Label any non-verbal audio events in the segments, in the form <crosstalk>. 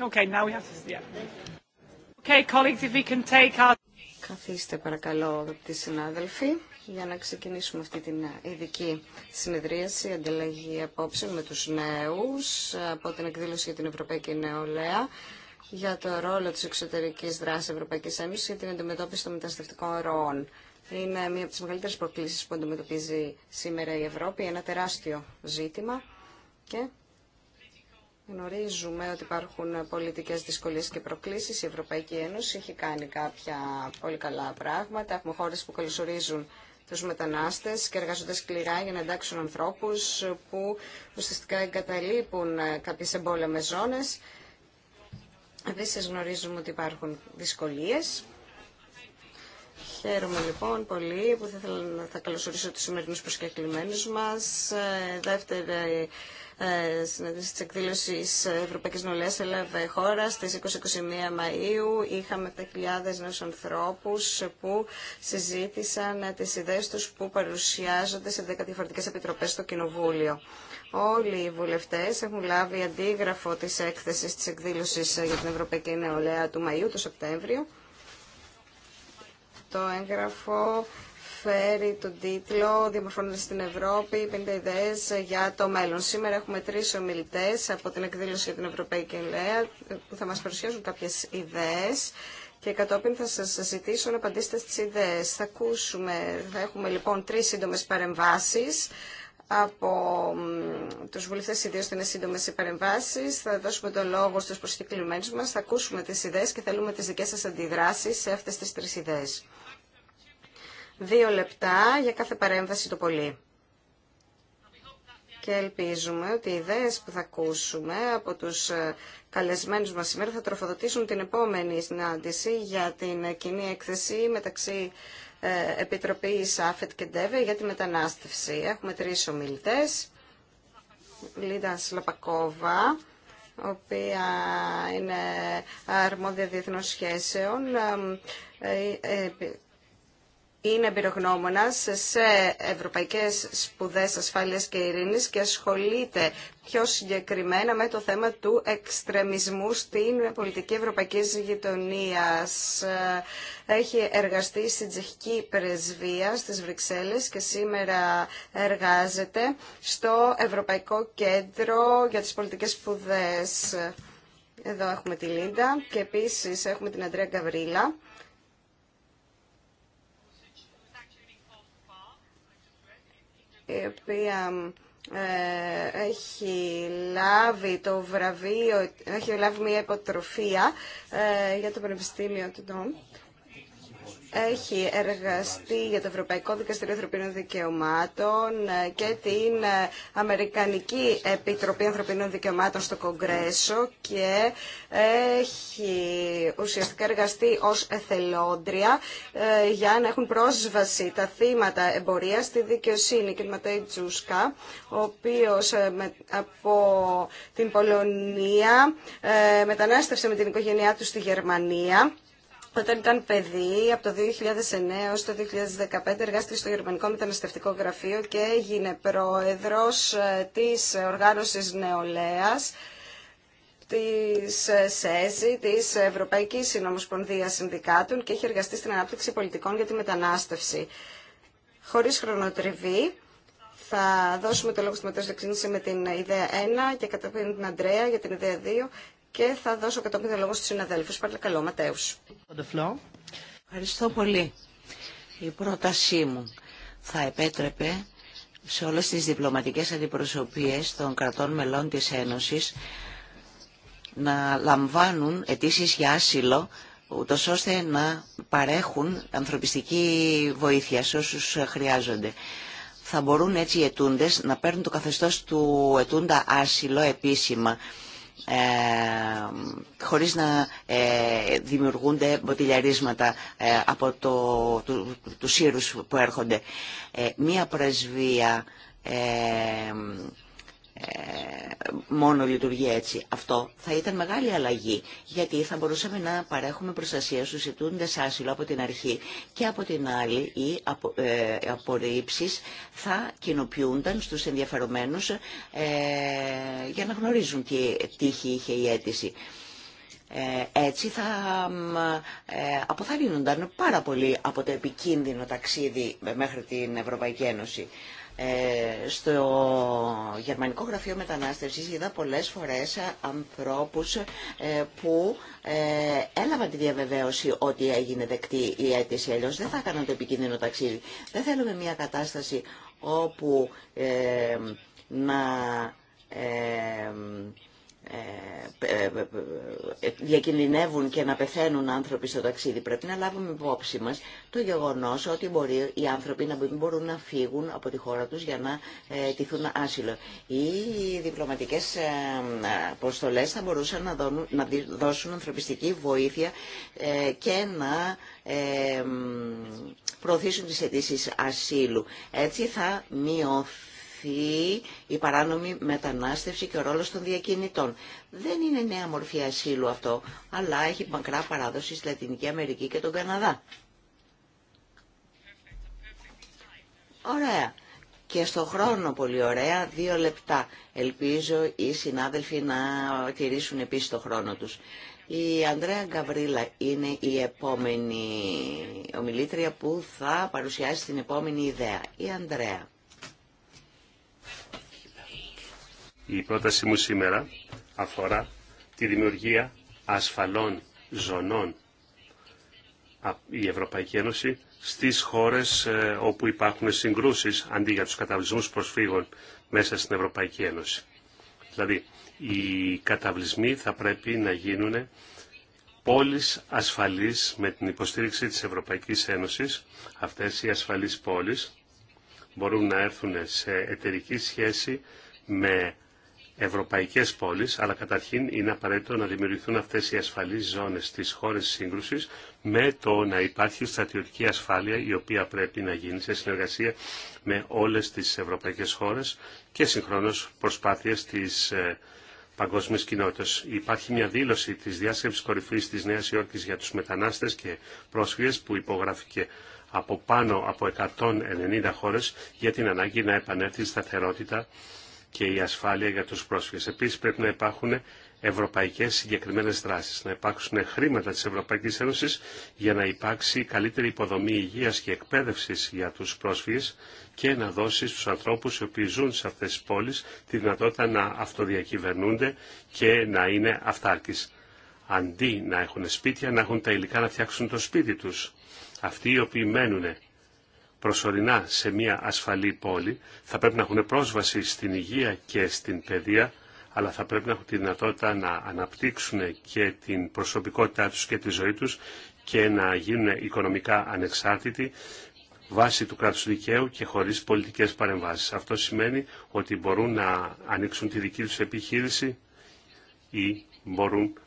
Okay, Καθίστε παρακαλώ, αγαπητοί συνάδελφοι, για να ξεκινήσουμε αυτή την ειδική συνεδρίαση, ανταλλαγή απόψε με τους νέους από την εκδήλωση για την Ευρωπαϊκή Νεολαία για το ρόλο της εξωτερικής δράσης Ευρωπαϊκής Ένωσης για την αντιμετώπιση των μεταστευτικών ροών. Είναι μία από τις μεγαλύτερες προκλήσεις που αντιμετωπίζει σήμερα η Ευρώπη, ένα τεράστιο ζήτημα και Γνωρίζουμε ότι υπάρχουν πολιτικές δυσκολίε και προκλήσεις. Η Ευρωπαϊκή Ένωση έχει κάνει κάποια πολύ καλά πράγματα. Έχουμε χώρε που καλωσορίζουν τους μετανάστες και εργάζονται σκληρά για να εντάξουν ανθρώπου που ουσιαστικά εγκαταλείπουν κάποιες εμπόλεμες ζώνες. Επίση, γνωρίζουμε ότι υπάρχουν δυσκολίε. Χαίρομαι λοιπόν πολύ που θα, θα καλωσορίσω του σημερινού προσκεκλημένου μα. Ε, δεύτερη ε, συναντήσεις τη εκδήλωση Ευρωπαϊκής Νολέας έλαβε χώρα στις 20-21 Μαΐου. Είχαμε 7.000 νέους ανθρώπους που συζήτησαν τις ιδέες τους που παρουσιάζονται σε 10 διαφορετικές επιτροπές στο Κοινοβούλιο. Όλοι οι βουλευτές έχουν λάβει αντίγραφο της έκθεσης της εκδήλωσης για την Ευρωπαϊκή Νεολαία του Μαΐου, του Σεπτέμβριο. Το έγγραφο φέρει τον τίτλο Διαμορφώνοντα στην Ευρώπη 50 ιδέες για το μέλλον». Σήμερα έχουμε τρεις ομιλητές από την εκδήλωση για την Ευρωπαϊκή Ελέα που θα μας παρουσιάσουν κάποιες ιδέες και κατόπιν θα σα ζητήσω να απαντήσετε στις ιδέες. Θα, ακούσουμε, θα έχουμε λοιπόν τρεις σύντομες παρεμβάσεις από τους βουλευτές ιδίως θα είναι σύντομες οι παρεμβάσεις. Θα δώσουμε το λόγο στους προσκεκλημένους μας, θα ακούσουμε τις ιδέες και θέλουμε τις δικές σας αντιδράσεις σε αυτές τις τρεις ιδέες. Δύο λεπτά για κάθε παρέμβαση το πολύ. Και ελπίζουμε ότι οι ιδέες που θα ακούσουμε από τους ε, καλεσμένους μας σήμερα θα τροφοδοτήσουν την επόμενη συνάντηση για την κοινή έκθεση μεταξύ ε, Επιτροπής ΑΦΕΤ και ΝΤΕΒΕ για τη μετανάστευση. Έχουμε τρεις ομιλητές. Λίντα Σλαπακόβα, οποία είναι αρμόδια διεθνών σχέσεων, ε, είναι εμπειρογνώμονα σε ευρωπαϊκές σπουδές ασφάλειας και ειρήνης και ασχολείται πιο συγκεκριμένα με το θέμα του εξτρεμισμού στην πολιτική ευρωπαϊκής γειτονίας. Έχει εργαστεί στην τσεχική πρεσβεία στις Βρυξέλλες και σήμερα εργάζεται στο Ευρωπαϊκό Κέντρο για τις Πολιτικές Σπουδές. Εδώ έχουμε τη Λίντα και επίσης έχουμε την Αντρέα Γκαβρίλα η οποία ε, έχει λάβει το βραβείο, έχει λάβει μια υποτροφία ε, για το Πανεπιστήμιο του Ντόμ έχει εργαστεί για το Ευρωπαϊκό Δικαστήριο Ανθρωπίνων Δικαιωμάτων ε, και την ε, Αμερικανική Επιτροπή Ανθρωπίνων Δικαιωμάτων στο Κογκρέσο και έχει ουσιαστικά εργαστεί ως εθελόντρια ε, για να έχουν πρόσβαση τα θύματα εμπορίας στη δικαιοσύνη. Και Ματέι Τζούσκα, ο οποίος από την Πολωνία μετανάστευσε με την οικογένειά του στη Γερμανία όταν ήταν παιδί, από το 2009 έως το 2015 εργάστηκε στο Γερμανικό Μεταναστευτικό Γραφείο και έγινε πρόεδρος ε, της οργάνωσης νεολαίας της ε, ΣΕΖΗ, της Ευρωπαϊκής Συνομοσπονδίας Συνδικάτων και έχει εργαστεί στην ανάπτυξη πολιτικών για τη μετανάστευση. Χωρίς χρονοτριβή, θα δώσουμε το λόγο στη Ματέο με την ιδέα 1 και κατόπιν την Αντρέα για την ιδέα 2 και θα δώσω κατόπιν το λόγο στους συναδέλφους. Παρακαλώ, Ματέους. Ευχαριστώ πολύ. Η πρότασή μου θα επέτρεπε σε όλες τις διπλωματικές αντιπροσωπείες των κρατών μελών της Ένωσης να λαμβάνουν αιτήσει για άσυλο ούτω ώστε να παρέχουν ανθρωπιστική βοήθεια σε όσους χρειάζονται. Θα μπορούν έτσι οι ετούντες να παίρνουν το καθεστώς του ετούντα άσυλο επίσημα ε, χωρίς να ε, δημιουργούνται μποτιλιαρίσματα ε, από το, του, που έρχονται. Μία πρεσβεία μόνο λειτουργεί έτσι. Αυτό θα ήταν μεγάλη αλλαγή, γιατί θα μπορούσαμε να παρέχουμε προστασία στους ζητούντες άσυλο από την αρχή και από την άλλη οι απο, ε, θα κοινοποιούνταν στους ενδιαφερομένους ε, για να γνωρίζουν τι τύχη είχε η αίτηση. Ε, έτσι θα ε, αποθαρρύνονταν πάρα πολύ από το επικίνδυνο ταξίδι μέχρι την Ευρωπαϊκή Ένωση. Ε, στο Γερμανικό Γραφείο Μετανάστευσης είδα πολλές φορές ε, ανθρώπους ε, που έλαβαν τη διαβεβαίωση ότι έγινε δεκτή η αίτηση, αλλιώς δεν θα έκαναν το επικίνδυνο ταξίδι. Δεν θέλουμε μια κατάσταση όπου να ε, ε, ε, διακινδυνεύουν και να πεθαίνουν άνθρωποι στο ταξίδι. Πρέπει να λάβουμε υπόψη μας το γεγονός ότι μπορεί οι άνθρωποι να μπορούν να φύγουν από τη χώρα τους για να ε, τηθούν άσυλο. Οι διπλωματικές ε, θα μπορούσαν να, δώσουν ανθρωπιστική βοήθεια και να προωθήσουν τις αιτήσει ασύλου. Έτσι θα μειωθεί η παράνομη μετανάστευση και ο ρόλος των διακινητών. Δεν είναι νέα μορφή ασύλου αυτό, αλλά έχει μακρά παράδοση στη Λατινική Αμερική και τον Καναδά. Ωραία. Και στο χρόνο πολύ ωραία, δύο λεπτά. Ελπίζω οι συνάδελφοι να τηρήσουν επίσης το χρόνο τους. Η Ανδρέα Γκαβρίλα είναι η επόμενη ομιλήτρια που θα παρουσιάσει την επόμενη ιδέα. Η Ανδρέα. Η πρότασή μου σήμερα αφορά τη δημιουργία ασφαλών ζωνών η Ευρωπαϊκή Ένωση στις χώρες ε, όπου υπάρχουν συγκρούσεις αντί για τους καταβλισμούς προσφύγων μέσα στην Ευρωπαϊκή Ένωση. Δηλαδή, οι καταβλισμοί θα πρέπει να γίνουν πόλεις ασφαλείς με την υποστήριξη της Ευρωπαϊκής Ένωσης. Αυτές οι ασφαλείς πόλεις μπορούν να έρθουν σε εταιρική σχέση με ευρωπαϊκές πόλεις, αλλά καταρχήν είναι απαραίτητο να δημιουργηθούν αυτές οι ασφαλείς ζώνες στις χώρες σύγκρουσης με το να υπάρχει στρατιωτική ασφάλεια η οποία πρέπει να γίνει σε συνεργασία με όλες τις ευρωπαϊκές χώρες και συγχρόνως προσπάθειες της ε, παγκόσμια κοινότητας. Υπάρχει μια δήλωση της διάσκεψης κορυφής της Νέας Υόρκης για τους μετανάστες και πρόσφυγες που υπογράφηκε από πάνω από 190 χώρες για την ανάγκη να επανέλθει η σταθερότητα και η ασφάλεια για τους πρόσφυγες. Επίσης πρέπει να υπάρχουν ευρωπαϊκές συγκεκριμένες δράσεις, να υπάρξουν χρήματα της Ευρωπαϊκής Ένωσης για να υπάρξει καλύτερη υποδομή υγείας και εκπαίδευσης για τους πρόσφυγες και να δώσει στους ανθρώπους οι οποίοι ζουν σε αυτές τις πόλεις τη δυνατότητα να αυτοδιακυβερνούνται και να είναι αυτάρκης. Αντί να έχουν σπίτια, να έχουν τα υλικά να φτιάξουν το σπίτι τους. Αυτοί οι οποίοι μένουν προσωρινά σε μια ασφαλή πόλη, θα πρέπει να έχουν πρόσβαση στην υγεία και στην παιδεία, αλλά θα πρέπει να έχουν τη δυνατότητα να αναπτύξουν και την προσωπικότητά τους και τη ζωή τους και να γίνουν οικονομικά ανεξάρτητοι βάσει του κράτους δικαίου και χωρίς πολιτικές παρεμβάσεις. Αυτό σημαίνει ότι μπορούν να ανοίξουν τη δική τους επιχείρηση ή μπορούν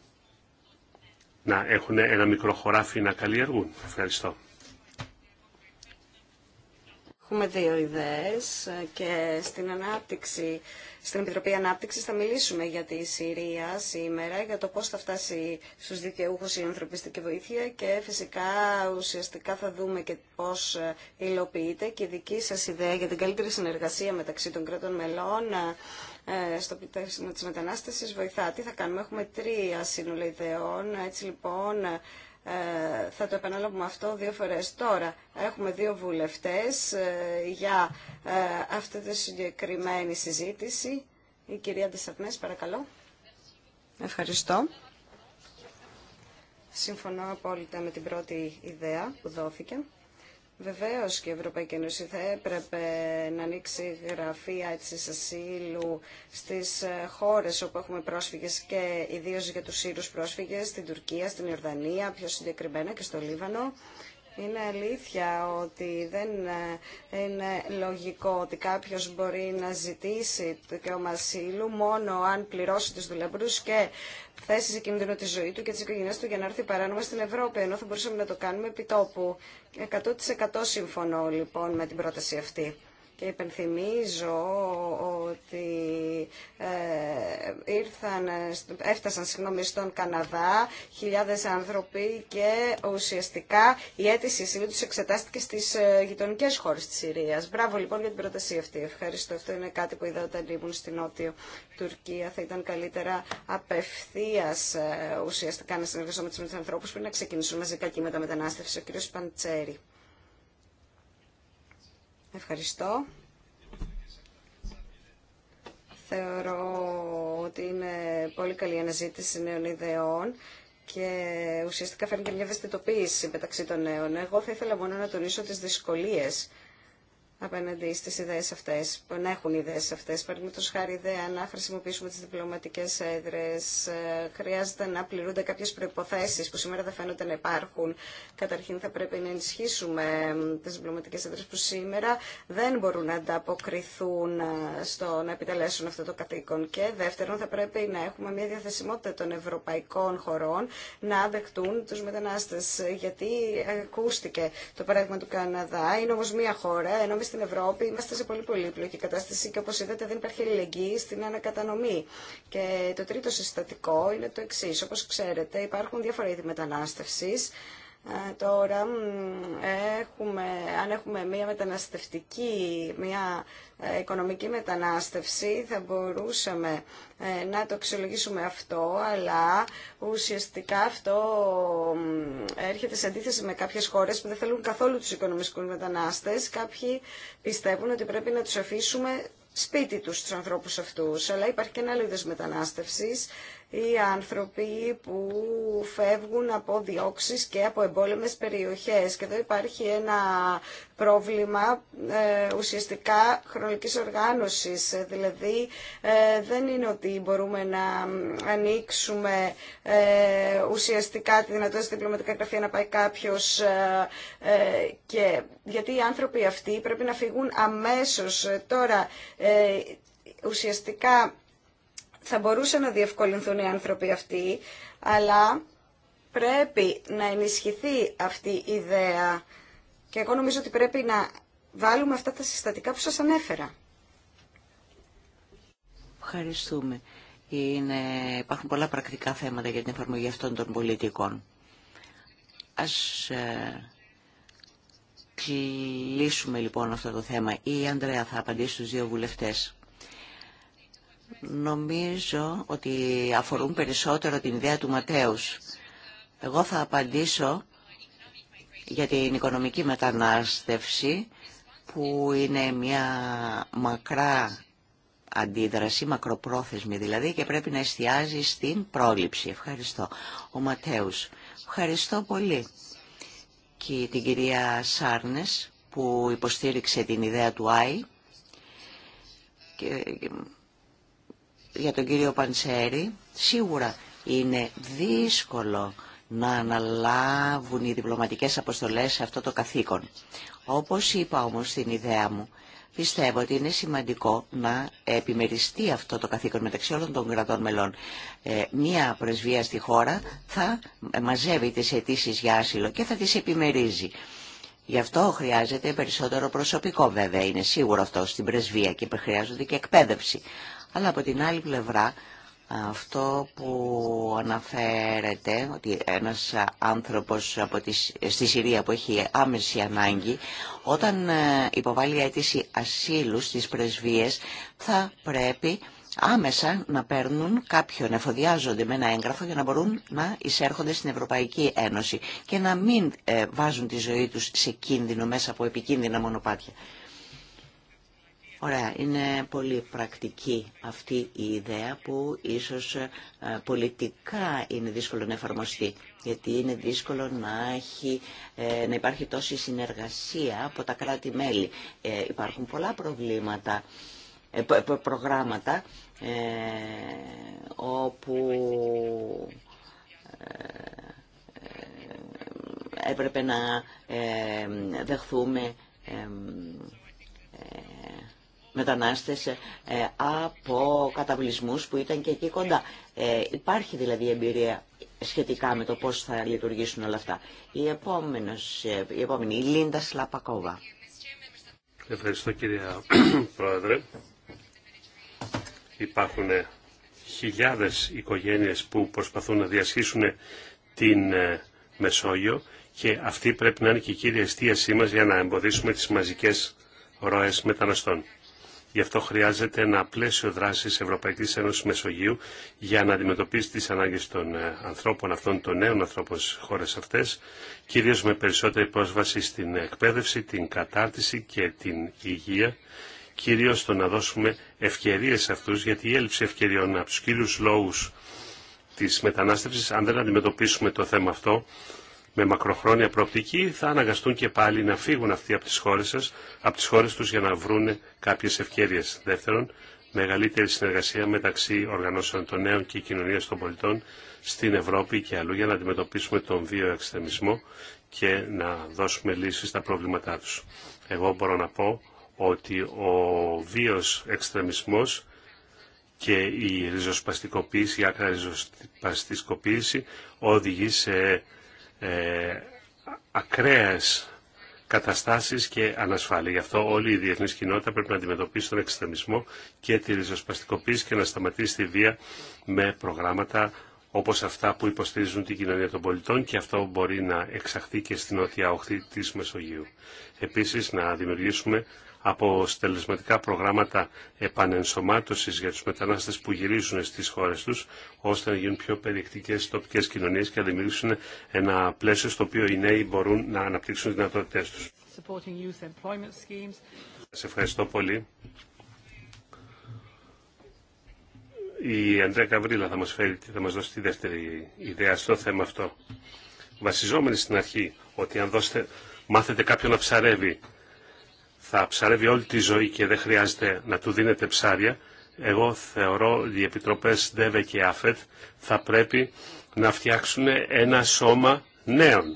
να έχουν ένα μικρό χωράφι να καλλιεργούν. Ευχαριστώ. Έχουμε δύο ιδέες και στην ανάπτυξη, στην Επιτροπή Ανάπτυξης θα μιλήσουμε για τη Συρία σήμερα, για το πώς θα φτάσει στους δικαιούχους η ανθρωπιστική βοήθεια και φυσικά ουσιαστικά θα δούμε και πώς υλοποιείται και η δική σας ιδέα για την καλύτερη συνεργασία μεταξύ των κρατών μελών ε, στο πιτέρισμα της μετανάστασης βοηθά. Τι θα κάνουμε, έχουμε τρία σύνολα ιδεών, έτσι λοιπόν ε, θα το επαναλάβουμε αυτό δύο φορές. Τώρα έχουμε δύο βουλευτές ε, για ε, αυτή τη συγκεκριμένη συζήτηση. Η κυρία Ντεσσαρνές, παρακαλώ. Ευχαριστώ. Συμφωνώ απόλυτα με την πρώτη ιδέα που δόθηκε. Βεβαίω και η Ευρωπαϊκή Ένωση θα έπρεπε να ανοίξει γραφεία έτσι ασύλου στι χώρε όπου έχουμε πρόσφυγε και ιδίω για του Σύρου πρόσφυγε, στην Τουρκία, στην Ιορδανία, πιο συγκεκριμένα και στο Λίβανο. Είναι αλήθεια ότι δεν ε, είναι λογικό ότι κάποιος μπορεί να ζητήσει το δικαίωμα μόνο αν πληρώσει τους δουλεμπρούς και θέσει σε κίνδυνο τη ζωή του και τι οικογένειάς του για να έρθει παράνομα στην Ευρώπη, ενώ θα μπορούσαμε να το κάνουμε επί τόπου. 100% συμφωνώ λοιπόν με την πρόταση αυτή και υπενθυμίζω ότι ε, ήρθαν, έφτασαν συγγνώμη, στον Καναδά χιλιάδες άνθρωποι και ουσιαστικά η αίτηση ασυλίου τους εξετάστηκε στις ε, γειτονικέ χώρες της Συρίας. Μπράβο λοιπόν για την πρόταση αυτή. Ευχαριστώ. Αυτό είναι κάτι που είδα όταν ήμουν στην Νότιο Τουρκία. Θα ήταν καλύτερα απευθεία ε, ουσιαστικά να συνεργαστούμε με τους ανθρώπους πριν να ξεκινήσουν μαζικά τα μετανάστευση. Ο κ. Παντσέρη. Ευχαριστώ. Θεωρώ ότι είναι πολύ καλή αναζήτηση νέων ιδεών και ουσιαστικά φέρνει και μια ευαισθητοποίηση μεταξύ των νέων. Εγώ θα ήθελα μόνο να τονίσω τις δυσκολίες απέναντι ιδέε αυτέ αυτές, να έχουν ιδέες αυτές. Παραδείγματο χάρη ιδέα να χρησιμοποιήσουμε τι διπλωματικέ έδρε. Ε, χρειάζεται να πληρούνται κάποιε προποθέσει που σήμερα δεν φαίνονται να υπάρχουν. Καταρχήν θα πρέπει να ενισχύσουμε τι διπλωματικέ έδρε που σήμερα δεν μπορούν να ανταποκριθούν ε, στο να επιτελέσουν αυτό το καθήκον. Και δεύτερον θα πρέπει να έχουμε μια διαθεσιμότητα των ευρωπαϊκών χωρών να δεχτούν του μετανάστε. Γιατί ακούστηκε το παράδειγμα του Καναδά, είναι όμω μια χώρα, ενώ στην Ευρώπη είμαστε σε πολύ πολύπλοκη κατάσταση και όπως είδατε δεν υπάρχει αλληλεγγύη στην ανακατανομή. Και το τρίτο συστατικό είναι το εξή. Όπως ξέρετε υπάρχουν διάφορα είδη μετανάστευση. Ε, τώρα έχουμε, αν έχουμε μια μεταναστευτική, μια ε, οικονομική μετανάστευση θα μπορούσαμε ε, να το αξιολογήσουμε αυτό, αλλά ουσιαστικά αυτό έρχεται σε αντίθεση με κάποιες χώρες που δεν θέλουν καθόλου τους οικονομικούς μετανάστες. Κάποιοι πιστεύουν ότι πρέπει να τους αφήσουμε σπίτι τους τους ανθρώπους αυτούς, αλλά υπάρχει και ένα άλλο είδος μετανάστευσης, οι άνθρωποι που φεύγουν από διώξεις και από εμπόλεμες περιοχές. Και εδώ υπάρχει ένα πρόβλημα ε, ουσιαστικά χρονικής οργάνωσης. Δηλαδή ε, δεν είναι ότι μπορούμε να ανοίξουμε ε, ουσιαστικά τη δυνατότητα στη διπλωματικά γραφεία να πάει κάποιος ε, και γιατί οι άνθρωποι αυτοί πρέπει να φύγουν αμέσως. Τώρα ουσιαστικά θα μπορούσαν να διευκολυνθούν οι άνθρωποι αυτοί, αλλά πρέπει να ενισχυθεί αυτή η ιδέα. Και εγώ νομίζω ότι πρέπει να βάλουμε αυτά τα συστατικά που σας ανέφερα. Ευχαριστούμε. Είναι, υπάρχουν πολλά πρακτικά θέματα για την εφαρμογή αυτών των πολιτικών. Ας ε, κλείσουμε λοιπόν αυτό το θέμα. Η Ανδρέα θα απαντήσει στους δύο βουλευτές. Νομίζω ότι αφορούν περισσότερο την ιδέα του Ματέους. Εγώ θα απαντήσω για την οικονομική μετανάστευση που είναι μια μακρά αντίδραση, μακροπρόθεσμη δηλαδή και πρέπει να εστιάζει στην πρόληψη. Ευχαριστώ. Ο Ματέους. Ευχαριστώ πολύ και την κυρία Σάρνες που υποστήριξε την ιδέα του ΆΙ και για τον κύριο Παντσέρη, σίγουρα είναι δύσκολο να αναλάβουν οι διπλωματικές αποστολές σε αυτό το καθήκον. Όπως είπα όμως στην ιδέα μου, πιστεύω ότι είναι σημαντικό να επιμεριστεί αυτό το καθήκον μεταξύ όλων των κρατών μελών. Ε, μία πρεσβεία στη χώρα θα μαζεύει τις αιτήσει για άσυλο και θα τις επιμερίζει. Γι' αυτό χρειάζεται περισσότερο προσωπικό βέβαια, είναι σίγουρο αυτό στην πρεσβεία και χρειάζονται και εκπαίδευση. Αλλά από την άλλη πλευρά αυτό που αναφέρεται ότι ένας άνθρωπος στη Συρία που έχει άμεση ανάγκη όταν ε, υποβάλλει αίτηση ασύλου στις πρεσβείες θα πρέπει άμεσα να παίρνουν κάποιον, εφοδιάζονται με ένα έγγραφο για να μπορούν να εισέρχονται στην Ευρωπαϊκή Ένωση και να μην ε, βάζουν τη ζωή τους σε κίνδυνο μέσα από επικίνδυνα μονοπάτια. Ωραία, είναι πολύ πρακτική αυτή η ιδέα που ίσως ε, πολιτικά είναι δύσκολο να εφαρμοστεί γιατί είναι δύσκολο να, ε, υπάρχει τόση συνεργασία από τα κράτη-μέλη. Ε, υπάρχουν πολλά προβλήματα, προγράμματα όπου έπρεπε να δεχθούμε μετανάστες ε, από καταβλισμούς που ήταν και εκεί κοντά. Ε, υπάρχει δηλαδή εμπειρία σχετικά με το πώς θα λειτουργήσουν όλα αυτά. Η, επόμενος, ε, η επόμενη, η Λίντα Σλαπακόβα. Ευχαριστώ κυρία <clears throat> Πρόεδρε. Υπάρχουν χιλιάδες οικογένειες που προσπαθούν να διασχίσουν την Μεσόγειο και αυτή πρέπει να είναι και η κύρια εστίασή μας για να εμποδίσουμε τις μαζικές ροές μεταναστών. Γι' αυτό χρειάζεται ένα πλαίσιο δράση Ευρωπαϊκή Ένωση Μεσογείου για να αντιμετωπίσει τι ανάγκε των ε, ανθρώπων αυτών, των νέων ανθρώπων στι χώρε αυτέ, κυρίω με περισσότερη πρόσβαση στην εκπαίδευση, την κατάρτιση και την υγεία, κυρίω το να δώσουμε ευκαιρίε σε αυτού, γιατί η έλλειψη ευκαιριών από του κύριου λόγου τη μετανάστευση, αν δεν αντιμετωπίσουμε το θέμα αυτό, με μακροχρόνια προοπτική θα αναγκαστούν και πάλι να φύγουν αυτοί από τις χώρες, σας, από τις χώρες τους για να βρουν κάποιες ευκαιρίες. Δεύτερον, μεγαλύτερη συνεργασία μεταξύ οργανώσεων των νέων και κοινωνίας των πολιτών στην Ευρώπη και αλλού για να αντιμετωπίσουμε τον βίο εξτρεμισμό και να δώσουμε λύσεις στα προβλήματά τους. Εγώ μπορώ να πω ότι ο βίος εξτρεμισμός και η ριζοσπαστικοποίηση, η άκρα ριζοσπαστικοποίηση οδηγεί σε ε, ακραίες καταστάσεις και ανασφάλεια. Γι' αυτό όλη η διεθνή κοινότητα πρέπει να αντιμετωπίσει τον εξτρεμισμό και τη ριζοσπαστικοποίηση και να σταματήσει τη βία με προγράμματα όπως αυτά που υποστηρίζουν την κοινωνία των πολιτών και αυτό μπορεί να εξαχθεί και στην νότια οχθή της Μεσογείου. Επίσης να δημιουργήσουμε από στελεσματικά προγράμματα επανενσωμάτωσης για τους μετανάστες που γυρίζουν στις χώρες τους, ώστε να γίνουν πιο περιεκτικές τοπικές κοινωνίες και να δημιουργήσουν ένα πλαίσιο στο οποίο οι νέοι μπορούν να αναπτύξουν δυνατότητές τους. Σας ευχαριστώ πολύ. Η Αντρέα Καβρίλα θα μας, φέρει, θα μας δώσει τη δεύτερη ιδέα στο θέμα αυτό. Βασιζόμενοι στην αρχή ότι αν δώσετε, μάθετε κάποιον να ψαρεύει θα ψαρεύει όλη τη ζωή και δεν χρειάζεται να του δίνετε ψάρια, εγώ θεωρώ οι επιτροπές ΔΕΒΕ και ΑΦΕΤ θα πρέπει να φτιάξουν ένα σώμα νέων.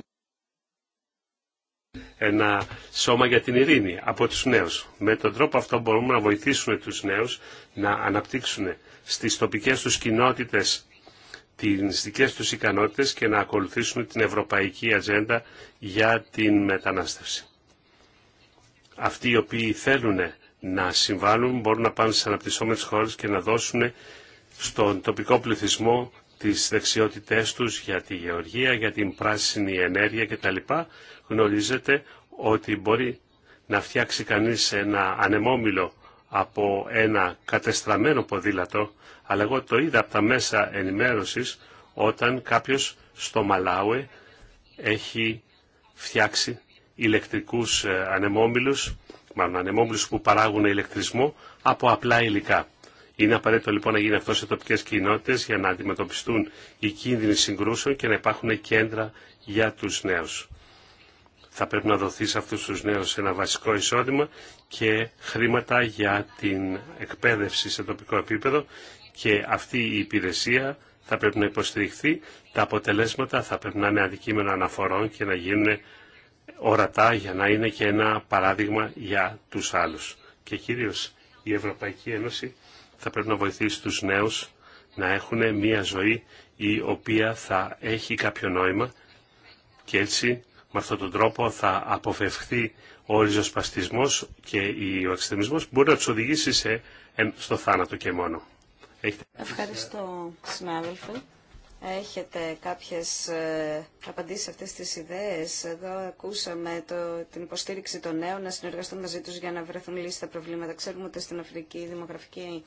Ένα σώμα για την ειρήνη από τους νέους. Με τον τρόπο αυτό μπορούμε να βοηθήσουμε τους νέους να αναπτύξουν στις τοπικές τους κοινότητες τις δικές τους ικανότητες και να ακολουθήσουν την ευρωπαϊκή ατζέντα για την μετανάστευση αυτοί οι οποίοι θέλουν να συμβάλλουν μπορούν να πάνε στις αναπτυσσόμενες χώρες και να δώσουν στον τοπικό πληθυσμό τις δεξιότητές τους για τη γεωργία, για την πράσινη ενέργεια κτλ. Γνωρίζετε ότι μπορεί να φτιάξει κανείς ένα ανεμόμυλο από ένα κατεστραμμένο ποδήλατο, αλλά εγώ το είδα από τα μέσα ενημέρωσης όταν κάποιος στο Μαλάουε έχει φτιάξει ηλεκτρικούς ε, ανεμόμυλους, μάλλον ανεμόμυλους που παράγουν ηλεκτρισμό από απλά υλικά. Είναι απαραίτητο λοιπόν να γίνει αυτό σε τοπικές κοινότητες για να αντιμετωπιστούν οι κίνδυνοι συγκρούσεων και να υπάρχουν κέντρα για τους νέους. Θα πρέπει να δοθεί σε αυτούς τους νέους ένα βασικό εισόδημα και χρήματα για την εκπαίδευση σε τοπικό επίπεδο και αυτή η υπηρεσία θα πρέπει να υποστηριχθεί. Τα αποτελέσματα θα πρέπει να είναι αντικείμενα αναφορών και να γίνουν ορατά για να είναι και ένα παράδειγμα για τους άλλους. Και κυρίως η Ευρωπαϊκή Ένωση θα πρέπει να βοηθήσει τους νέους να έχουν μια ζωή η οποία θα έχει κάποιο νόημα και έτσι με αυτόν τον τρόπο θα αποφευχθεί ο ριζοσπαστισμός και ο εξτρεμισμός μπορεί να του οδηγήσει στο θάνατο και μόνο. Ευχαριστώ συνάδελφε έχετε κάποιες ε, απαντήσεις σε αυτές τις ιδέες. Εδώ ακούσαμε το, την υποστήριξη των νέων να συνεργαστούν μαζί τους για να βρεθούν λύσεις στα προβλήματα. Ξέρουμε ότι στην Αφρική η δημογραφική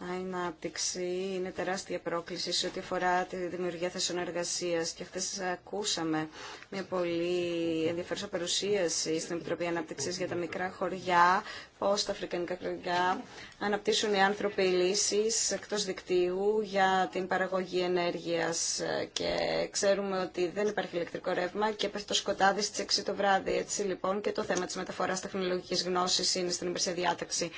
η ανάπτυξη είναι τεράστια πρόκληση σε ό,τι αφορά τη δημιουργία θέσεων εργασία. Και χθε ακούσαμε μια πολύ ενδιαφέρουσα παρουσίαση στην Επιτροπή Ανάπτυξη για τα μικρά χωριά, πώ τα αφρικανικά χωριά αναπτύσσουν οι άνθρωποι λύσει εκτό δικτύου για την παραγωγή ενέργεια. Και ξέρουμε ότι δεν υπάρχει ηλεκτρικό ρεύμα και πέφτει το σκοτάδι στι 6 το βράδυ. Έτσι λοιπόν και το θέμα τη μεταφορά τεχνολογική γνώση είναι στην υπηρεσία διάταξη.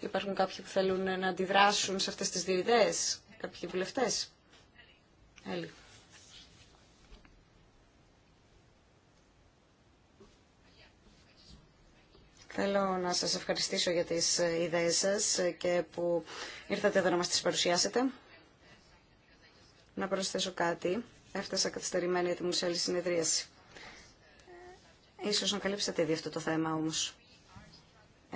Υπάρχουν κάποιοι που θέλουν να αντιδράσουν σε αυτές τις δύο ιδέες, κάποιοι βουλευτές. Θέλω να σας ευχαριστήσω για τις ε, ιδέες σας ε, και που ήρθατε εδώ να μας τις παρουσιάσετε. Να προσθέσω κάτι. Έφτασα καθυστερημένη για τη μουσέλη συνεδρίαση. Ε, ίσως να καλύψατε ήδη αυτό το θέμα όμως.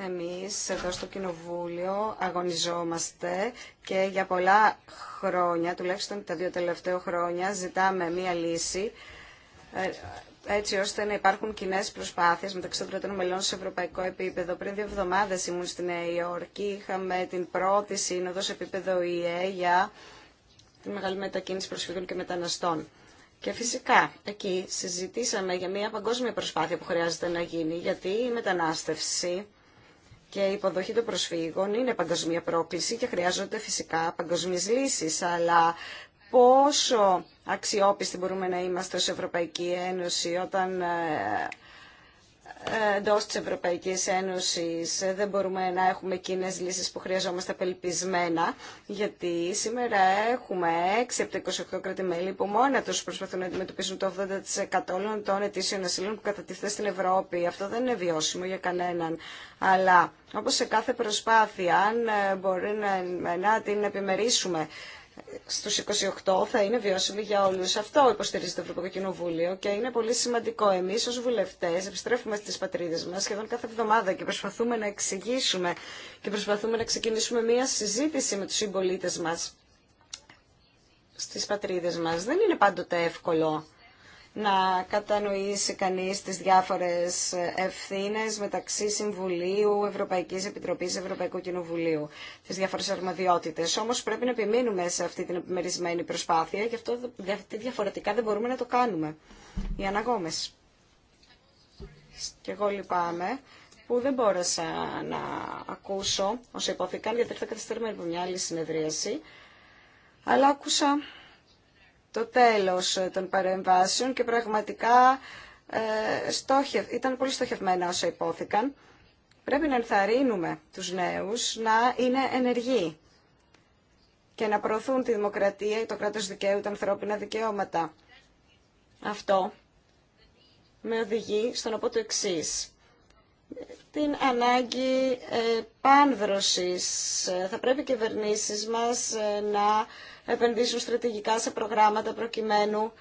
Εμείς εδώ στο Κοινοβούλιο αγωνιζόμαστε και για πολλά χρόνια, τουλάχιστον τα δύο τελευταία χρόνια, ζητάμε μία λύση ε, έτσι ώστε να υπάρχουν κοινέ προσπάθειε μεταξύ των κρατών μελών σε ευρωπαϊκό επίπεδο. Πριν δύο εβδομάδε ήμουν στη Νέα Υόρκη, είχαμε την πρώτη σύνοδο σε επίπεδο ΙΕ για τη μεγάλη μετακίνηση προσφύγων και μεταναστών. Και φυσικά εκεί συζητήσαμε για μια παγκόσμια προσπάθεια που χρειάζεται να γίνει, γιατί η μετανάστευση και η υποδοχή των προσφύγων είναι παγκοσμία πρόκληση και χρειάζονται φυσικά παγκοσμίες λύσεις, αλλά πόσο αξιόπιστοι μπορούμε να είμαστε ως Ευρωπαϊκή Ένωση όταν ε, εντό τη Ευρωπαϊκή Ένωση δεν μπορούμε να έχουμε κοινέ λύσει που χρειαζόμαστε απελπισμένα, γιατί σήμερα έχουμε 6 από τα 28 κράτη-μέλη που μόνα του προσπαθούν να αντιμετωπίσουν το 80% των αιτήσεων ασύλων που κατατίθεται στην Ευρώπη. Αυτό δεν είναι βιώσιμο για κανέναν. Αλλά όπω σε κάθε προσπάθεια, αν ε, μπορεί να, να την επιμερίσουμε στους 28 θα είναι βιώσιμη για όλους. Αυτό υποστηρίζει το Ευρωπαϊκό Κοινοβούλιο και είναι πολύ σημαντικό. Εμείς ως βουλευτές επιστρέφουμε στις πατρίδες μας σχεδόν κάθε εβδομάδα και προσπαθούμε να εξηγήσουμε και προσπαθούμε να ξεκινήσουμε μία συζήτηση με τους συμπολίτε μας στις πατρίδες μας. Δεν είναι πάντοτε εύκολο να κατανοήσει κανείς τις διάφορες ευθύνες μεταξύ Συμβουλίου, Ευρωπαϊκής Επιτροπής, Ευρωπαϊκού Κοινοβουλίου, τις διάφορες αρμαδιότητες. Όμως πρέπει να επιμείνουμε σε αυτή την επιμερισμένη προσπάθεια γι' αυτό διαφορετικά δεν μπορούμε να το κάνουμε. Οι αναγόμες. Και εγώ λυπάμαι που δεν μπόρεσα να ακούσω όσο υπόθηκαν γιατί ήρθα από μια άλλη συνεδρίαση. Αλλά άκουσα το τέλος των παρεμβάσεων και πραγματικά ε, ήταν πολύ στοχευμένα όσα υπόθηκαν. Πρέπει να ενθαρρύνουμε τους νέους να είναι ενεργοί και να προωθούν τη δημοκρατία, το κράτος δικαίου, τα ανθρώπινα δικαιώματα. Αυτό με οδηγεί στον από πω το εξής την ανάγκη ε, πάνδρωσης. Θα πρέπει οι κυβερνήσεις μας ε, να επενδύσουν στρατηγικά σε προγράμματα προκειμένου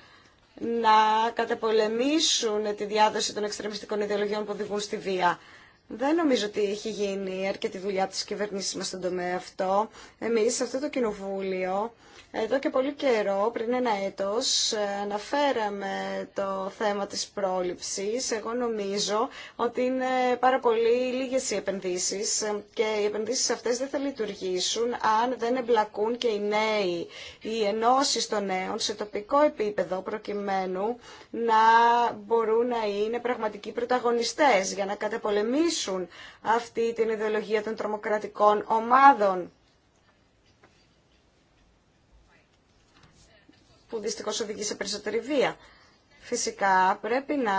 να καταπολεμήσουν τη διάδοση των εξτρεμιστικών ιδεολογιών που οδηγούν στη βία. Δεν νομίζω ότι έχει γίνει αρκετή δουλειά από τις κυβερνήσεις μας στον τομέα αυτό. Εμείς σε αυτό το κοινοβούλιο εδώ και πολύ καιρό, πριν ένα έτος, αναφέραμε το θέμα της πρόληψης. Εγώ νομίζω ότι είναι πάρα πολύ λίγες οι επενδύσεις και οι επενδύσεις αυτές δεν θα λειτουργήσουν αν δεν εμπλακούν και οι νέοι, οι ενώσεις των νέων σε τοπικό επίπεδο προκειμένου να μπορούν να είναι πραγματικοί πρωταγωνιστές για να καταπολεμήσουν αυτή την ιδεολογία των τρομοκρατικών ομάδων που δυστυχώς οδηγεί σε περισσότερη βία. Φυσικά πρέπει να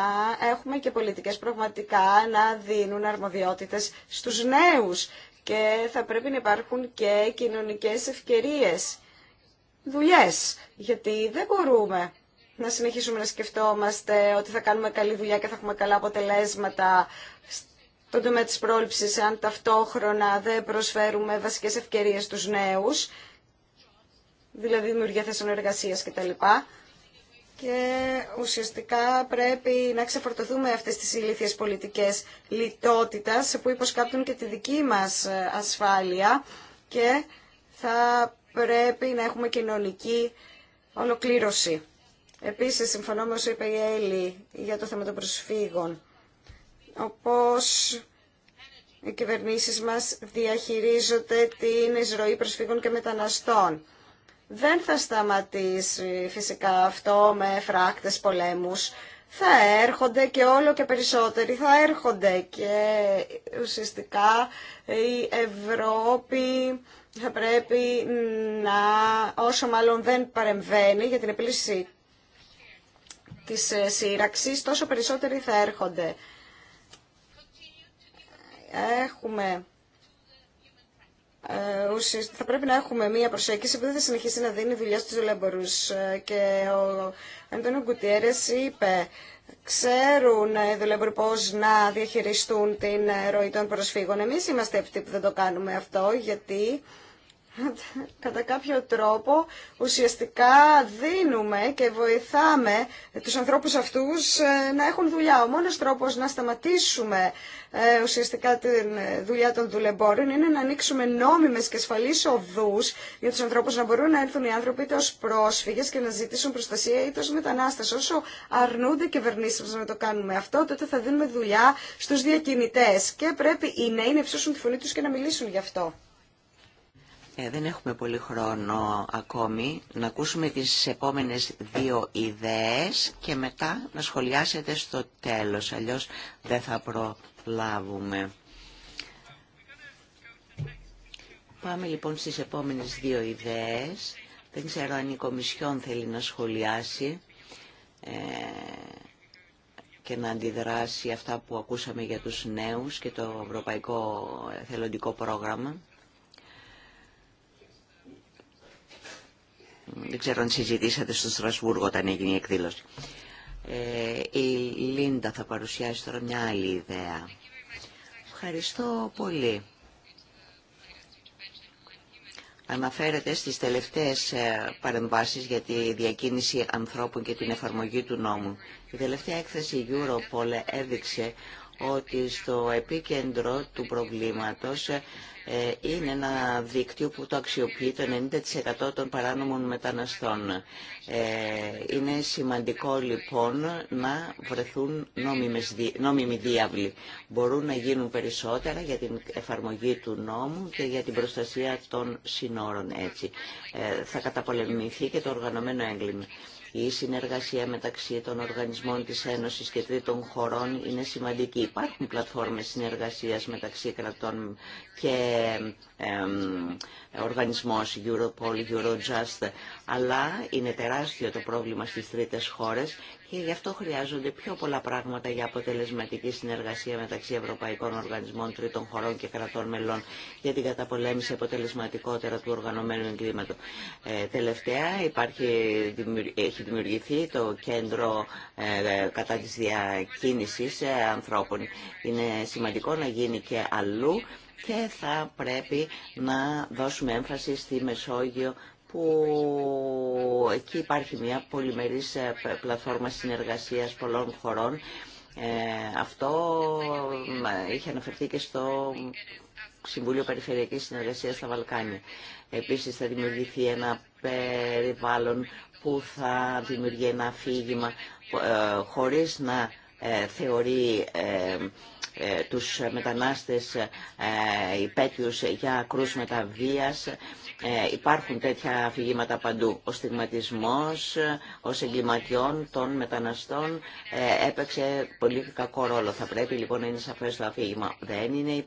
έχουμε και πολιτικές πραγματικά να δίνουν αρμοδιότητες στους νέους και θα πρέπει να υπάρχουν και κοινωνικές ευκαιρίες, δουλειές, γιατί δεν μπορούμε να συνεχίσουμε να σκεφτόμαστε ότι θα κάνουμε καλή δουλειά και θα έχουμε καλά αποτελέσματα στον τομέα της πρόληψης αν ταυτόχρονα δεν προσφέρουμε βασικές ευκαιρίες στους νέους δηλαδή δημιουργία θέσεων εργασία κτλ. Και ουσιαστικά πρέπει να ξεφορτωθούμε αυτές τις ηλίθιε πολιτικές λιτότητας που υποσκάπτουν και τη δική μας ε, ασφάλεια και θα πρέπει να έχουμε κοινωνική ολοκλήρωση. Επίσης, συμφωνώ με όσο είπε η Έλλη για το θέμα των προσφύγων. Όπως οι κυβερνήσεις μας διαχειρίζονται την εισρωή προσφύγων και μεταναστών δεν θα σταματήσει φυσικά αυτό με φράκτες πολέμους. Θα έρχονται και όλο και περισσότεροι θα έρχονται και ουσιαστικά η Ευρώπη θα πρέπει να όσο μάλλον δεν παρεμβαίνει για την επίλυση της ε, σύραξης τόσο περισσότεροι θα έρχονται. Έχουμε ε, θα πρέπει να έχουμε μία προσέγγιση που δεν θα συνεχίσει να δίνει δουλειά στους δουλεμπορούς. Ε, και ο Αντώνιο Γκουτιέρες είπε ξέρουν ε, οι δουλεύουν πώ να διαχειριστούν την ροή των προσφύγων. Εμεί είμαστε αυτοί που δεν το κάνουμε αυτό, γιατί κατά κάποιο τρόπο ουσιαστικά δίνουμε και βοηθάμε τους ανθρώπους αυτούς ε, να έχουν δουλειά. Ο μόνος τρόπος να σταματήσουμε ε, ουσιαστικά τη δουλειά των δουλεμπόρων είναι να ανοίξουμε νόμιμες και ασφαλείς οδούς για τους ανθρώπους να μπορούν να έρθουν οι άνθρωποι είτε ως πρόσφυγες και να ζητήσουν προστασία είτε ως μετανάστες. Όσο αρνούνται κυβερνήσει κυβερνήσεις να το κάνουμε αυτό, τότε θα δίνουμε δουλειά στους διακινητές και πρέπει οι νέοι να υψώσουν τη φωνή τους και να μιλήσουν γι' αυτό. Ε, δεν έχουμε πολύ χρόνο ακόμη. Να ακούσουμε τις επόμενες δύο ιδέες και μετά να σχολιάσετε στο τέλος, αλλιώς δεν θα προλάβουμε. Πάμε λοιπόν στις επόμενες δύο ιδέες. Δεν ξέρω αν η Κομισιόν θέλει να σχολιάσει ε, και να αντιδράσει αυτά που ακούσαμε για τους νέους και το Ευρωπαϊκό Θελοντικό Πρόγραμμα. δεν ξέρω αν συζητήσατε στο Στρασβούργο όταν έγινε η εκδήλωση. Ε, η Λίντα θα παρουσιάσει τώρα μια άλλη ιδέα. Ευχαριστώ πολύ. Αναφέρεται στις τελευταίες ε, παρεμβάσεις για τη διακίνηση ανθρώπων και την εφαρμογή του νόμου. Η τελευταία έκθεση Europol έδειξε ότι στο επίκεντρο του προβλήματος ε, ε, είναι ένα δίκτυο που το αξιοποιεί το 90% των παράνομων μεταναστών. Ε, είναι σημαντικό λοιπόν να βρεθούν νόμιμοι διάβλοι. Μπορούν να γίνουν περισσότερα για την εφαρμογή του νόμου και για την προστασία των συνόρων έτσι. Ε, θα καταπολεμηθεί και το οργανωμένο έγκλημα. Η συνεργασία μεταξύ των οργανισμών της Ένωσης και τρίτων χωρών είναι σημαντική. Υπάρχουν πλατφόρμες συνεργασίας μεταξύ κρατών και οργανισμός Europol, Eurojust, αλλά είναι τεράστιο το πρόβλημα στις τρίτες χώρες και γι' αυτό χρειάζονται πιο πολλά πράγματα για αποτελεσματική συνεργασία μεταξύ ευρωπαϊκών οργανισμών, τρίτων χωρών και κρατών μελών για την καταπολέμηση αποτελεσματικότερα του οργανωμένου εγκλήματος. Ε, τελευταία υπάρχει, έχει δημιουργηθεί το κέντρο ε, κατά της διακίνησης ε, ανθρώπων. Είναι σημαντικό να γίνει και αλλού και θα πρέπει να δώσουμε έμφαση στη Μεσόγειο που εκεί υπάρχει μια πολυμερής ε, πλατφόρμα συνεργασίας πολλών χωρών. αυτό είχε αναφερθεί και στο Συμβούλιο Περιφερειακής Συνεργασίας στα Βαλκάνια. Επίσης θα δημιουργηθεί ένα περιβάλλον που θα δημιουργεί ένα αφήγημα ε, χωρίς να ε, θεωρεί ε, τους μετανάστες υπέτειους για κρούσματα βίας ε, υπάρχουν τέτοια αφηγήματα παντού. Ο στιγματισμός ως εγκληματιών των μεταναστών ε, έπαιξε πολύ κακό ρόλο. Θα πρέπει λοιπόν να είναι σαφές το αφήγημα. Δεν είναι οι,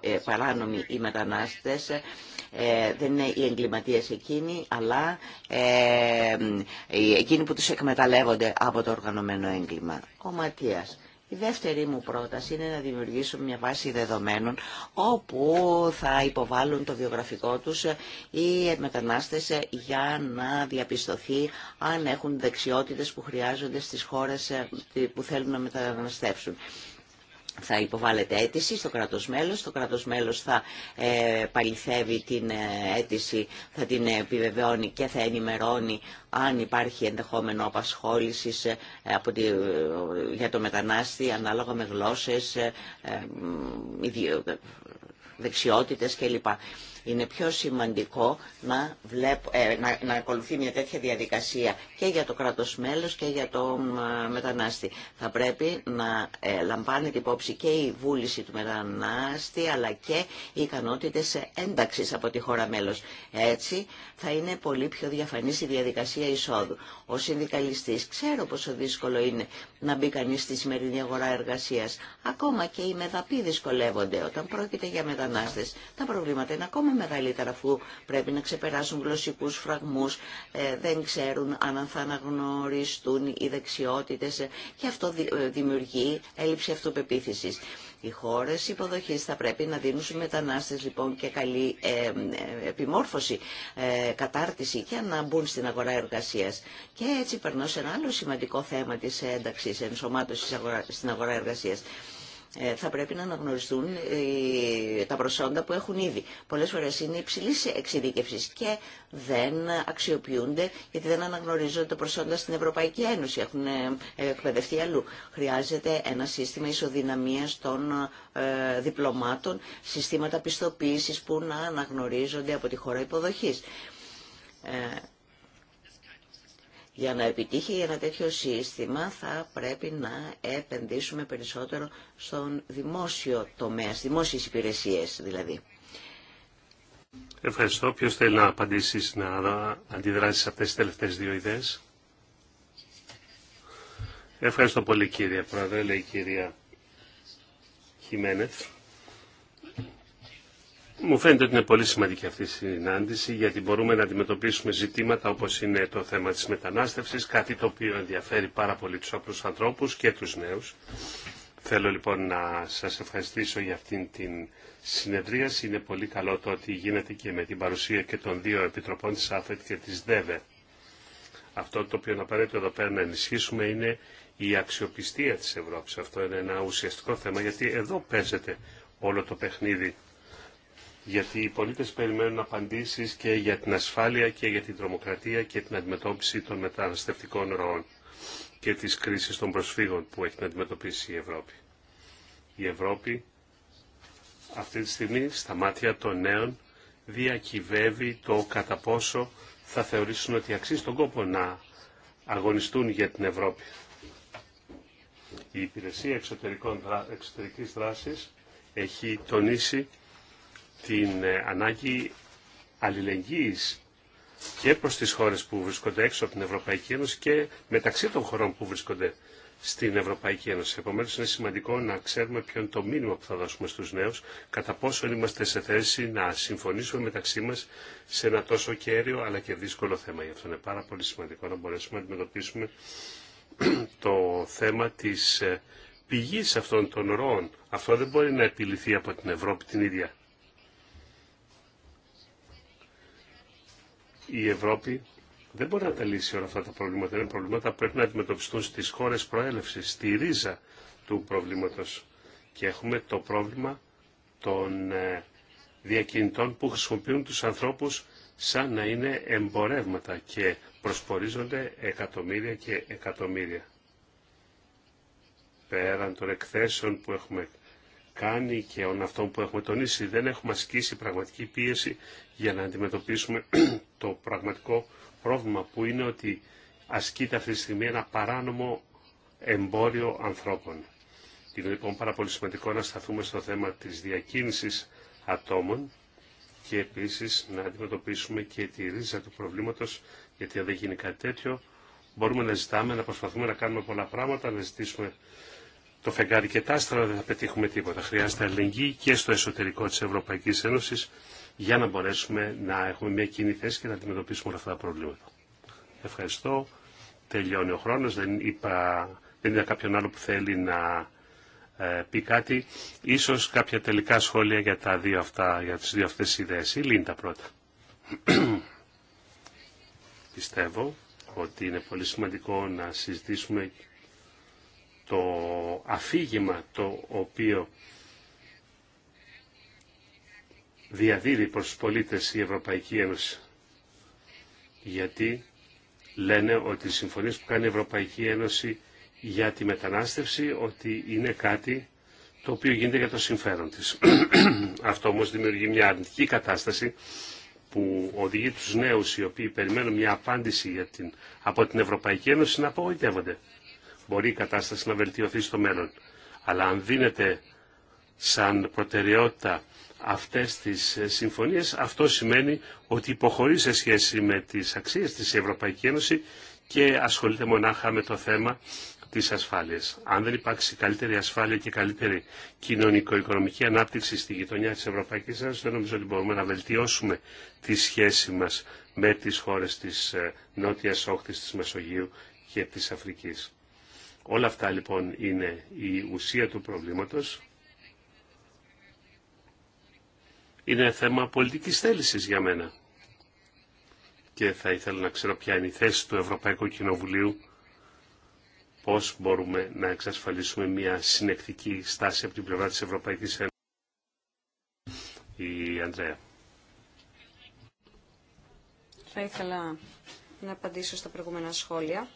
οι ε, παράνομοι οι μετανάστες, ε, δεν είναι οι εγκληματίες εκείνοι, αλλά ε, εκείνοι που τους εκμεταλλεύονται από το οργανωμένο έγκλημα. Ο η δεύτερη μου πρόταση είναι να δημιουργήσουμε μια βάση δεδομένων όπου θα υποβάλουν το βιογραφικό τους οι μετανάστες για να διαπιστωθεί αν έχουν δεξιότητες που χρειάζονται στις χώρες ε, που θέλουν να μεταναστεύσουν θα υποβάλλεται αίτηση στο κράτος μέλος, το κράτος μέλος θα ε, παληθεύει την ε, αίτηση, θα την επιβεβαιώνει και θα ενημερώνει αν υπάρχει ενδεχόμενο απασχόληση ε, από για το μετανάστη ανάλογα με γλώσσες, δεξιότητες κλπ. Είναι πιο σημαντικό να, βλέπω, ε, να, να ακολουθεί μια τέτοια διαδικασία και για το κράτος μέλος και για το μετανάστη. Θα πρέπει να ε, λαμβάνεται υπόψη και η βούληση του μετανάστη αλλά και οι ικανότητες ένταξης από τη χώρα μέλος. Έτσι θα είναι πολύ πιο διαφανής η διαδικασία εισόδου. Ο συνδικαλιστής ξέρω πόσο δύσκολο είναι να μπει κανείς στη σημερινή αγορά εργασίας. Ακόμα και οι μεδαποί δυσκολεύονται όταν πρόκειται για μετανάστες. Τα προβλήματα είναι ακόμα μεγαλύτερα αφού πρέπει να ξεπεράσουν γλωσσικούς φραγμούς, ε, δεν ξέρουν αν θα αναγνωριστούν οι δεξιότητες ε, και αυτό ε, δημιουργεί έλλειψη αυτοπεποίθησης. Οι χώρες υποδοχής θα πρέπει να δίνουν στους μετανάστες λοιπόν και καλή επιμόρφωση, ε, κατάρτιση για να μπουν στην αγορά εργασίας. Και έτσι περνώ σε ένα άλλο σημαντικό θέμα της ένταξης, ενσωμάτωσης στην αγορά εργασίας. Ε, θα πρέπει να αναγνωριστούν ε, τα προσόντα που έχουν ήδη. Πολλές φορές είναι υψηλή εξειδίκευση και δεν αξιοποιούνται γιατί δεν αναγνωρίζονται τα προσόντα στην Ευρωπαϊκή Ένωση. Έχουν ε, εκπαιδευτεί αλλού. Χρειάζεται ένα σύστημα ισοδυναμίας των διπλωμάτων, συστήματα πιστοποίησης που να αναγνωρίζονται από τη χώρα υποδοχής. Για να επιτύχει ένα τέτοιο σύστημα θα πρέπει να επενδύσουμε περισσότερο στον δημόσιο τομέα, στις δημόσιες υπηρεσίες δηλαδή. Ευχαριστώ. Ποιος θέλει να απαντήσει, να αντιδράσει σε αυτές τις τελευταίες δύο ιδέες. Ευχαριστώ πολύ κύριε Πρόεδρε, λέει η κυρία Χιμένεθ. Μου φαίνεται ότι είναι πολύ σημαντική αυτή η συνάντηση γιατί μπορούμε να αντιμετωπίσουμε ζητήματα όπως είναι το θέμα της μετανάστευσης, κάτι το οποίο ενδιαφέρει πάρα πολύ τους απλούς ανθρώπους και τους νέους. Θέλω λοιπόν να σας ευχαριστήσω για αυτήν την συνεδρίαση. Είναι πολύ καλό το ότι γίνεται και με την παρουσία και των δύο επιτροπών της ΑΦΕΤ και της ΔΕΒΕ. Αυτό το οποίο απαραίτητο εδώ πέρα να ενισχύσουμε είναι η αξιοπιστία της Ευρώπης. Αυτό είναι ένα ουσιαστικό θέμα γιατί εδώ παίζεται όλο το παιχνίδι γιατί οι πολίτες περιμένουν απαντήσεις και για την ασφάλεια και για την τρομοκρατία και την αντιμετώπιση των μεταναστευτικών ροών και της κρίσης των προσφύγων που έχει να αντιμετωπίσει η Ευρώπη. Η Ευρώπη αυτή τη στιγμή στα μάτια των νέων διακυβεύει το κατά πόσο θα θεωρήσουν ότι αξίζει τον κόπο να αγωνιστούν για την Ευρώπη. Η Υπηρεσία Εξωτερικών, Εξωτερικής Δράσης έχει τονίσει την ε, ανάγκη αλληλεγγύης και προς τις χώρες που βρίσκονται έξω από την Ευρωπαϊκή Ένωση και μεταξύ των χωρών που βρίσκονται στην Ευρωπαϊκή Ένωση. Επομένως είναι σημαντικό να ξέρουμε ποιο είναι το μήνυμα που θα δώσουμε στους νέους, κατά πόσο είμαστε σε θέση να συμφωνήσουμε μεταξύ μας σε ένα τόσο κέριο αλλά και δύσκολο θέμα. Γι' αυτό είναι πάρα πολύ σημαντικό να μπορέσουμε να αντιμετωπίσουμε <clears throat> το θέμα της ε, πηγής αυτών των ροών. Αυτό δεν μπορεί να επιληθεί από την Ευρώπη την ίδια. η Ευρώπη δεν μπορεί να τα λύσει όλα αυτά τα προβλήματα. Είναι προβλήματα που πρέπει να αντιμετωπιστούν στις χώρες προέλευσης, στη ρίζα του προβλήματος. Και έχουμε το πρόβλημα των ε, διακινητών που χρησιμοποιούν τους ανθρώπους σαν να είναι εμπορεύματα και προσπορίζονται εκατομμύρια και εκατομμύρια. Πέραν των εκθέσεων που έχουμε κάνει και όλων αυτών που έχουμε τονίσει. Δεν έχουμε ασκήσει πραγματική πίεση για να αντιμετωπίσουμε <clears throat> το πραγματικό πρόβλημα που είναι ότι ασκείται αυτή τη στιγμή ένα παράνομο εμπόριο ανθρώπων. Είναι λοιπόν πάρα πολύ σημαντικό να σταθούμε στο θέμα της διακίνησης ατόμων και επίσης να αντιμετωπίσουμε και τη ρίζα του προβλήματος, γιατί αν δεν γίνει κάτι τέτοιο, μπορούμε να ζητάμε, να προσπαθούμε να κάνουμε πολλά πράγματα, να ζητήσουμε το φεγγάρι και τα άστρα δεν θα πετύχουμε τίποτα. Χρειάζεται αλληλεγγύη και στο εσωτερικό της Ευρωπαϊκής Ένωσης για να μπορέσουμε να έχουμε μια κοινή θέση και να αντιμετωπίσουμε όλα αυτά τα προβλήματα. Ευχαριστώ. Τελειώνει ο χρόνος. Δεν, είπα, δεν είδα κάποιον άλλο που θέλει να ε, πει κάτι. Ίσως κάποια τελικά σχόλια για, τα δύο αυτά, για τις δύο αυτές ιδέες. Η Λίντα πρώτα. <clears throat> Πιστεύω ότι είναι πολύ σημαντικό να συζητήσουμε το αφήγημα το οποίο διαδίδει προς τους πολίτες η Ευρωπαϊκή Ένωση. Γιατί λένε ότι οι συμφωνίες που κάνει η Ευρωπαϊκή Ένωση για τη μετανάστευση ότι είναι κάτι το οποίο γίνεται για το συμφέρον της. <clears throat> Αυτό όμως δημιουργεί μια αρνητική κατάσταση που οδηγεί τους νέους οι οποίοι περιμένουν μια απάντηση για από την Ευρωπαϊκή Ένωση να απογοητεύονται μπορεί η κατάσταση να βελτιωθεί στο μέλλον. Αλλά αν δίνεται σαν προτεραιότητα αυτές τις ε, συμφωνίες, αυτό σημαίνει ότι υποχωρεί σε σχέση με τις αξίες της Ευρωπαϊκή Ένωση και ασχολείται μονάχα με το θέμα της ασφάλειας. Αν δεν υπάρξει καλύτερη ασφάλεια και καλύτερη κοινωνικο-οικονομική ανάπτυξη στη γειτονιά της Ευρωπαϊκής Ένωσης, δεν νομίζω ότι μπορούμε να βελτιώσουμε τη σχέση μας με τις χώρες της ε, νότιας όχθης της Μεσογείου και της Αφρικής. Όλα αυτά λοιπόν είναι η ουσία του προβλήματος. Είναι θέμα πολιτικής θέλησης για μένα. Και θα ήθελα να ξέρω ποια είναι η θέση του Ευρωπαϊκού Κοινοβουλίου πώς μπορούμε να εξασφαλίσουμε μια συνεκτική στάση από την πλευρά της Ευρωπαϊκής Ένωσης. Η Ανδρέα. Θα ήθελα να απαντήσω στα προηγούμενα σχόλια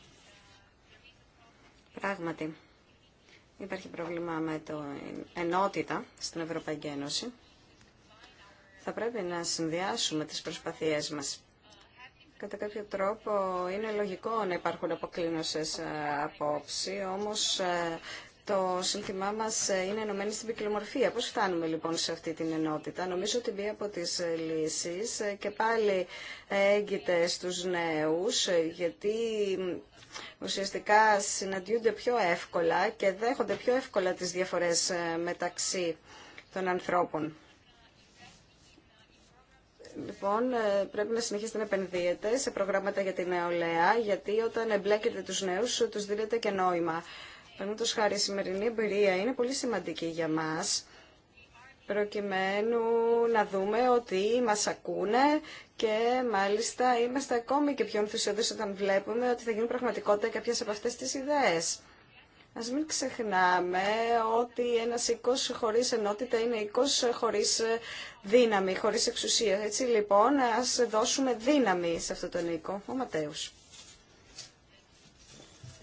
Πράγματι, υπάρχει πρόβλημα με το ενότητα στην Ευρωπαϊκή Ένωση. Θα πρέπει να συνδυάσουμε τις προσπαθίες μας. Κατά κάποιο τρόπο είναι λογικό να υπάρχουν αποκλίνωσες ε, απόψη, όμως ε, το σύνθημά μα ε, είναι ενωμένη στην ποικιλομορφία. Πώς φτάνουμε λοιπόν σε αυτή την ενότητα. Νομίζω ότι μία από τι ε, λύσεις ε, και πάλι έγκυται στου νέους, γιατί ουσιαστικά συναντιούνται πιο εύκολα και δέχονται πιο εύκολα τις διαφορές μεταξύ των ανθρώπων. Λοιπόν, πρέπει να συνεχίσετε να επενδύετε σε προγράμματα για την νεολαία, γιατί όταν εμπλέκετε τους νέους, τους δίνετε και νόημα. Παραδείγματο χάρη, η σημερινή εμπειρία είναι πολύ σημαντική για μα, προκειμένου να δούμε ότι μα ακούνε και μάλιστα είμαστε ακόμη και πιο ενθουσιώδει όταν βλέπουμε ότι θα γίνουν πραγματικότητα κάποιες από αυτέ τι ιδέε. Ας μην ξεχνάμε ότι ένα οίκος χωρίς ενότητα είναι οίκος χωρίς δύναμη, χωρίς εξουσία. Έτσι λοιπόν ας δώσουμε δύναμη σε αυτόν τον οίκο. Ο Ματέους.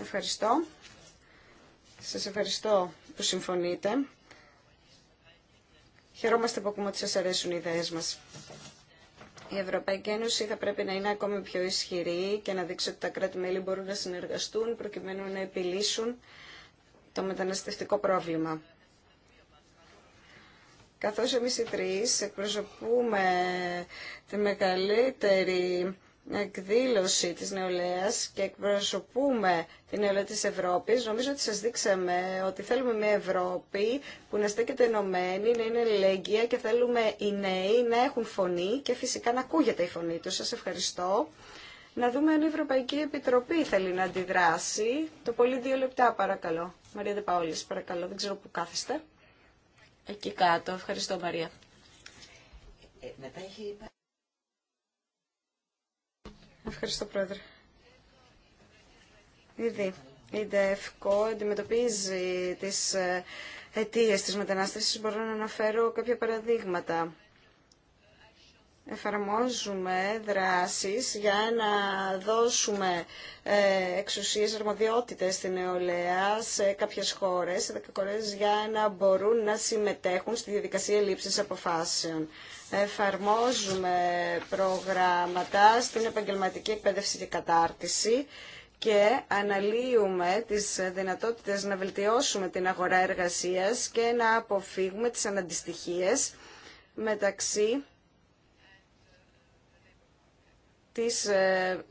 Ευχαριστώ. Σας ευχαριστώ που συμφωνείτε. Χαιρόμαστε που ακούμε ότι σας αρέσουν οι ιδέες μας. Η Ευρωπαϊκή Ένωση θα πρέπει να είναι ακόμη πιο ισχυρή και να δείξει ότι τα κράτη-μέλη μπορούν να συνεργαστούν προκειμένου να επιλύσουν το μεταναστευτικό πρόβλημα. Καθώς εμείς οι τρεις εκπροσωπούμε τη μεγαλύτερη εκδήλωση της νεολαίας και εκπροσωπούμε την νεολαία της Ευρώπης, νομίζω ότι σας δείξαμε ότι θέλουμε μια Ευρώπη που να στέκεται ενωμένη, να είναι ελεγγύα και θέλουμε οι νέοι να έχουν φωνή και φυσικά να ακούγεται η φωνή τους. Σας ευχαριστώ. Να δούμε αν η Ευρωπαϊκή Επιτροπή θέλει να αντιδράσει. Το πολύ δύο λεπτά παρακαλώ. Μαρία Δεπαόλης, παρακαλώ. Δεν ξέρω που κάθεστε. Εκεί κάτω. Ευχαριστώ Μαρία. Ε, μετά Ευχαριστώ, Πρόεδρε. Ήδη η ΔΕΦΚΟ αντιμετωπίζει τις ε, αιτίες της μετανάστευσης. Μπορώ να αναφέρω κάποια παραδείγματα εφαρμόζουμε δράσεις για να δώσουμε ε, εξουσίες, αρμοδιότητες στην νεολαία σε κάποιες χώρες, σε χώρες για να μπορούν να συμμετέχουν στη διαδικασία λήψης αποφάσεων. Εφαρμόζουμε προγράμματα στην επαγγελματική εκπαίδευση και κατάρτιση και αναλύουμε τις δυνατότητες να βελτιώσουμε την αγορά εργασίας και να αποφύγουμε τις αναντιστοιχίες μεταξύ της ε,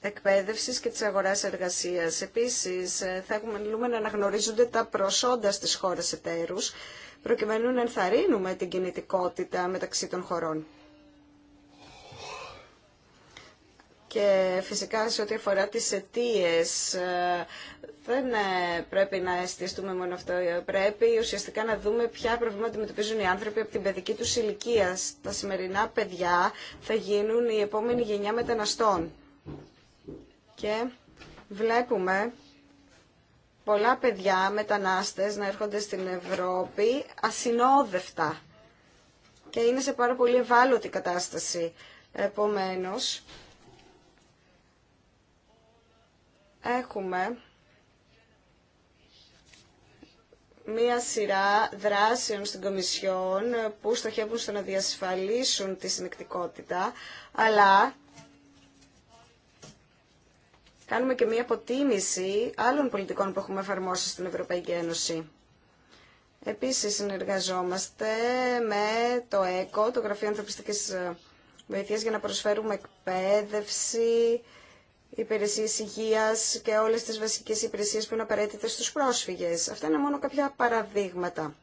εκπαίδευσης και της αγοράς εργασίας. Επίσης, ε, θα έχουμε να αναγνωρίζονται τα προσόντα στις χώρες εταίρους, προκειμένου να ενθαρρύνουμε την κινητικότητα μεταξύ των χωρών. Και φυσικά σε ό,τι αφορά τις αιτίε, ε, δεν ε, πρέπει να εστιαστούμε μόνο αυτό. Πρέπει ουσιαστικά να δούμε ποια προβλήματα αντιμετωπίζουν οι άνθρωποι από την παιδική τους ηλικία. Τα σημερινά παιδιά θα γίνουν η επόμενη γενιά μεταναστών. Και βλέπουμε πολλά παιδιά μετανάστες να έρχονται στην Ευρώπη ασυνόδευτα. Και είναι σε πάρα πολύ ευάλωτη κατάσταση. Επομένως, έχουμε μία σειρά δράσεων στην Κομισιόν που στοχεύουν στο να διασφαλίσουν τη συνεκτικότητα, αλλά κάνουμε και μία αποτίμηση άλλων πολιτικών που έχουμε εφαρμόσει στην Ευρωπαϊκή Ένωση. Επίσης συνεργαζόμαστε με το ΕΚΟ, το Γραφείο Ανθρωπιστικής Βοήθειας, για να προσφέρουμε εκπαίδευση, υπηρεσίες υγείας και όλες τις βασικές υπηρεσίες που είναι απαραίτητες στους πρόσφυγες. Αυτά είναι μόνο κάποια παραδείγματα.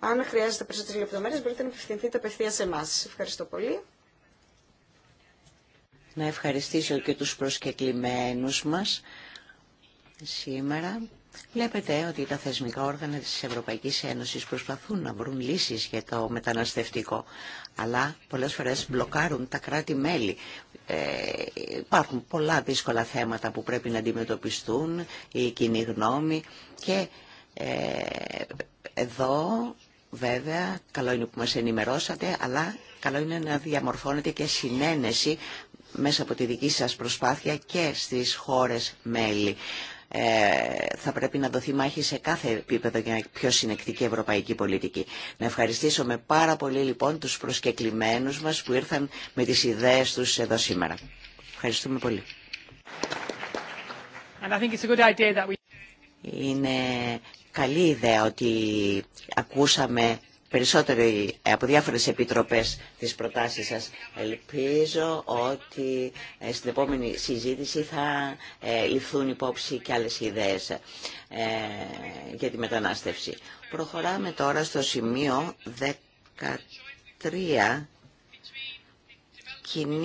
Αν χρειάζεται περισσότερες λεπτομέρειες, μπορείτε να απευθυνθείτε απευθεία σε εμά. Ευχαριστώ πολύ. Να ευχαριστήσω και τους προσκεκλημένους μας σήμερα. Βλέπετε ότι τα θεσμικά όργανα της Ευρωπαϊκής Ένωσης προσπαθούν να βρουν λύσεις για το μεταναστευτικό, αλλά πολλές φορές μπλοκάρουν τα κράτη-μέλη. Ε, υπάρχουν πολλά δύσκολα θέματα που πρέπει να αντιμετωπιστούν, η κοινή γνώμη και ε, εδώ βέβαια καλό είναι που μας ενημερώσατε, αλλά καλό είναι να διαμορφώνεται και συνένεση μέσα από τη δική σας προσπάθεια και στις χώρες μέλη. Ε, θα πρέπει να δοθεί μάχη σε κάθε επίπεδο για μια πιο συνεκτική ευρωπαϊκή πολιτική. Να ευχαριστήσω με πάρα πολύ λοιπόν τους προσκεκλημένους μας που ήρθαν με τις ιδέες τους εδώ σήμερα. Ευχαριστούμε πολύ. Είναι καλή ιδέα ότι ακούσαμε περισσότεροι ε, από διάφορες επιτροπές τις προτάσεις σας. Ελπίζω ότι ε, στην επόμενη συζήτηση θα ε, ληφθούν υπόψη και άλλες ιδέες για τη μετανάστευση. Προχωράμε τώρα στο σημείο 13 κοινή